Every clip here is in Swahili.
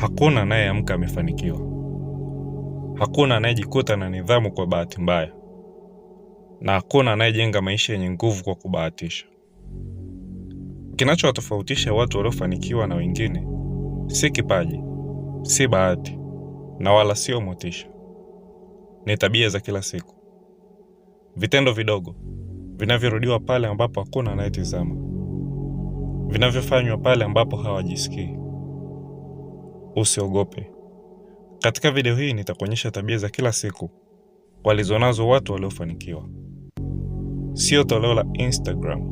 Hakuna anayeamka amefanikiwa. Hakuna anayejikuta na nidhamu kwa bahati mbaya, na hakuna anayejenga maisha yenye nguvu kwa kubahatisha. Kinachowatofautisha watu waliofanikiwa na wengine si kipaji, si bahati, na wala sio motisha. Ni tabia za kila siku, vitendo vidogo vinavyorudiwa pale ambapo hakuna anayetizama, vinavyofanywa pale ambapo hawajisikii usiogope. Katika video hii nitakuonyesha tabia za kila siku walizonazo watu waliofanikiwa. Sio toleo la Instagram,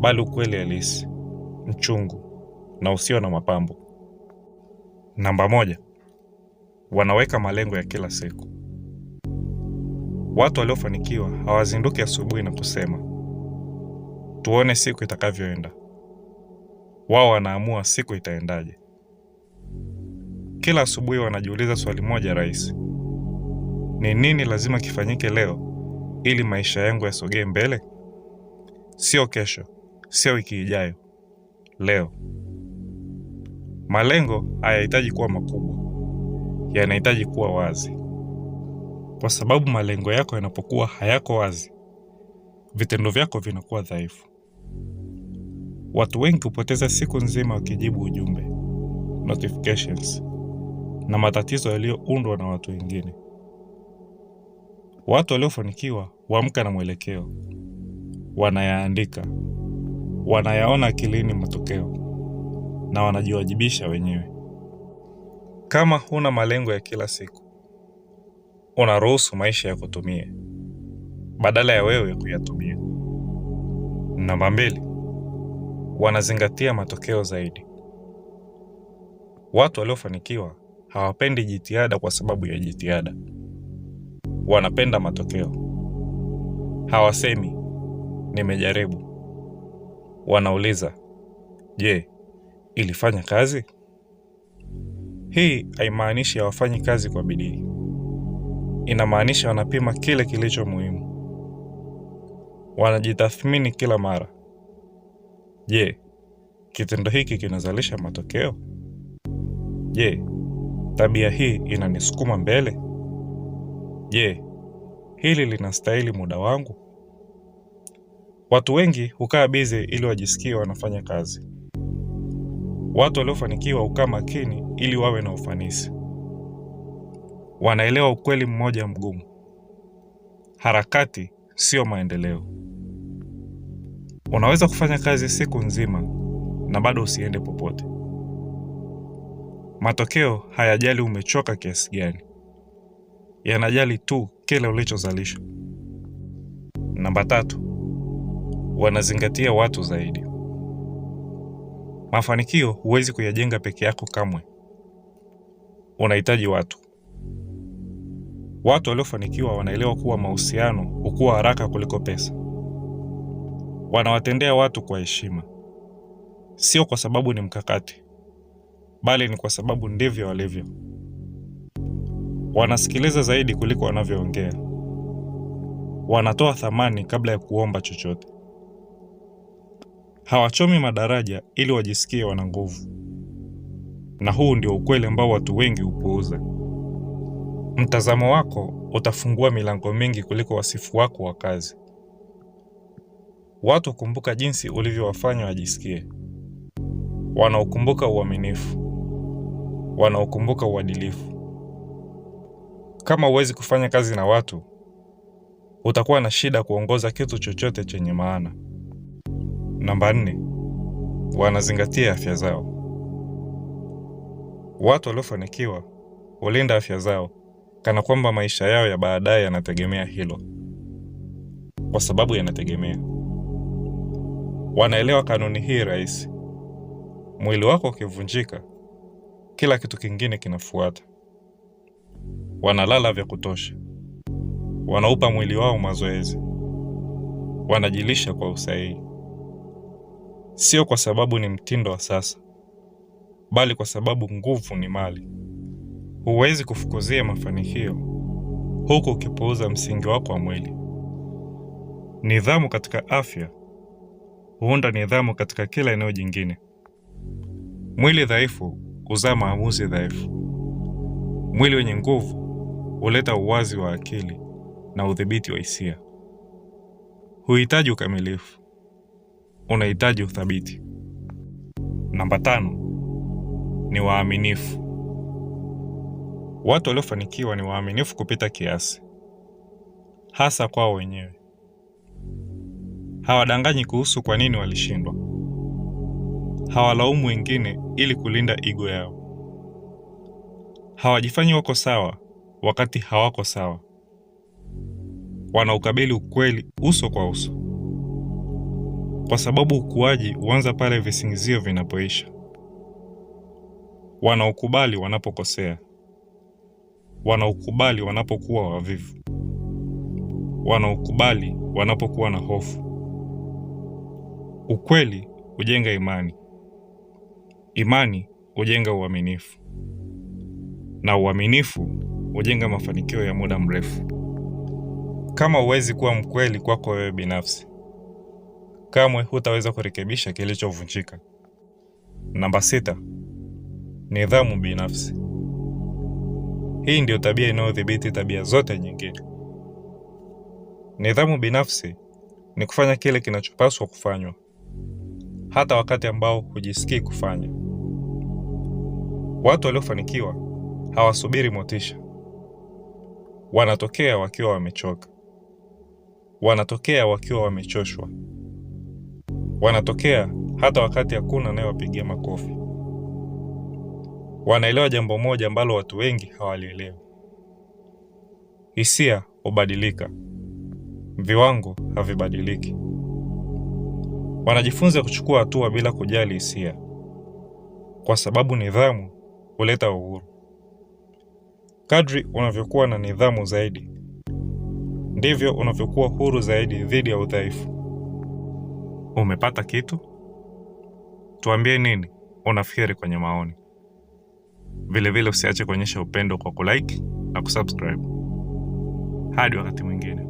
bali ukweli halisi, mchungu na usio na mapambo. Namba moja, wanaweka malengo ya kila siku. Watu waliofanikiwa hawazinduki asubuhi na kusema tuone siku itakavyoenda. Wao wanaamua siku itaendaje. Kila asubuhi wanajiuliza swali moja rahisi: ni nini lazima kifanyike leo ili maisha yangu yasogee mbele? Sio kesho, sio wiki ijayo, leo. Malengo hayahitaji kuwa makubwa, yanahitaji kuwa wazi, kwa sababu malengo yako yanapokuwa hayako wazi, vitendo vyako vinakuwa dhaifu. Watu wengi hupoteza siku nzima wakijibu ujumbe notifications na matatizo yaliyoundwa na watu wengine. Watu waliofanikiwa huamka na mwelekeo, wanayaandika, wanayaona akilini matokeo na wanajiwajibisha wenyewe. Kama huna malengo ya kila siku, unaruhusu maisha ya kutumia badala ya wewe kuyatumia. Namba mbili, wanazingatia matokeo zaidi. Watu waliofanikiwa hawapendi jitihada kwa sababu ya jitihada, wanapenda matokeo. Hawasemi nimejaribu, wanauliza je, ilifanya kazi? Hii haimaanishi hawafanyi kazi kwa bidii, inamaanisha wanapima kile kilicho muhimu. Wanajitathmini kila mara. Je, kitendo hiki kinazalisha matokeo? Je, Tabia hii inanisukuma mbele? Je, hili linastahili muda wangu? Watu wengi hukaa bize ili wajisikie wanafanya kazi. Watu waliofanikiwa hukaa makini ili wawe na ufanisi. Wanaelewa ukweli mmoja mgumu: harakati sio maendeleo. Unaweza kufanya kazi siku nzima na bado usiende popote. Matokeo hayajali umechoka kiasi gani, yanajali tu kile ulichozalisha. Namba tatu, wanazingatia watu zaidi. Mafanikio huwezi kuyajenga peke yako kamwe, unahitaji watu. Watu waliofanikiwa wanaelewa kuwa mahusiano hukua haraka kuliko pesa. Wanawatendea watu kwa heshima, sio kwa sababu ni mkakati, bali ni kwa sababu ndivyo walivyo. Wanasikiliza zaidi kuliko wanavyoongea. Wanatoa thamani kabla ya kuomba chochote. Hawachomi madaraja ili wajisikie wana nguvu, na huu ndio ukweli ambao watu wengi hupuuza. Mtazamo wako utafungua milango mingi kuliko wasifu wako wa kazi. Watu hukumbuka jinsi ulivyowafanya wajisikie, wanaokumbuka uaminifu wanaokumbuka uadilifu. Kama huwezi kufanya kazi na watu, utakuwa na shida kuongoza kitu chochote chenye maana. Namba nne, wanazingatia afya zao. Watu waliofanikiwa hulinda afya zao kana kwamba maisha yao ya baadaye yanategemea hilo, kwa sababu yanategemea. Wanaelewa kanuni hii rahisi: mwili wako ukivunjika kila kitu kingine kinafuata. Wanalala vya kutosha, wanaupa mwili wao mazoezi, wanajilisha kwa usahihi, sio kwa sababu ni mtindo wa sasa, bali kwa sababu nguvu ni mali. Huwezi kufukuzia mafanikio huku ukipuuza msingi wako wa mwili. Nidhamu katika afya huunda nidhamu katika kila eneo jingine. Mwili dhaifu huzaa maamuzi dhaifu. Mwili wenye nguvu huleta uwazi wa akili na udhibiti wa hisia. Huhitaji ukamilifu, unahitaji uthabiti. Namba tano ni waaminifu. Watu waliofanikiwa ni waaminifu kupita kiasi, hasa kwao wenyewe. Hawadanganyi kuhusu kwa nini walishindwa, hawalaumu wengine ili kulinda ego yao. Hawajifanyi wako sawa wakati hawako sawa. Wanaukabili ukweli uso kwa uso, kwa sababu ukuaji huanza pale visingizio vinapoisha. Wanaukubali wanapokosea, wanaukubali wanapokuwa wavivu, wanaukubali wanapokuwa na hofu. Ukweli hujenga imani, Imani hujenga uaminifu na uaminifu hujenga mafanikio ya muda mrefu. Kama huwezi kuwa mkweli kwako wewe binafsi, kamwe hutaweza kurekebisha kilichovunjika. Namba sita: nidhamu binafsi. Hii ndiyo tabia inayodhibiti tabia zote nyingine. Nidhamu binafsi ni kufanya kile kinachopaswa kufanywa hata wakati ambao hujisikii kufanya. Watu waliofanikiwa hawasubiri motisha, wanatokea wakiwa wamechoka, wanatokea wakiwa wamechoshwa, wanatokea hata wakati hakuna anayewapigia makofi. Wanaelewa jambo moja ambalo watu wengi hawalielewi: hisia hubadilika, viwango havibadiliki. Wanajifunza kuchukua hatua bila kujali hisia, kwa sababu nidhamu huleta uhuru. Kadri unavyokuwa na nidhamu zaidi, ndivyo unavyokuwa huru zaidi dhidi ya udhaifu. Umepata kitu? Tuambie nini unafikiri kwenye maoni. Vilevile usiache kuonyesha upendo kwa kulike na kusubscribe. Hadi wakati mwingine.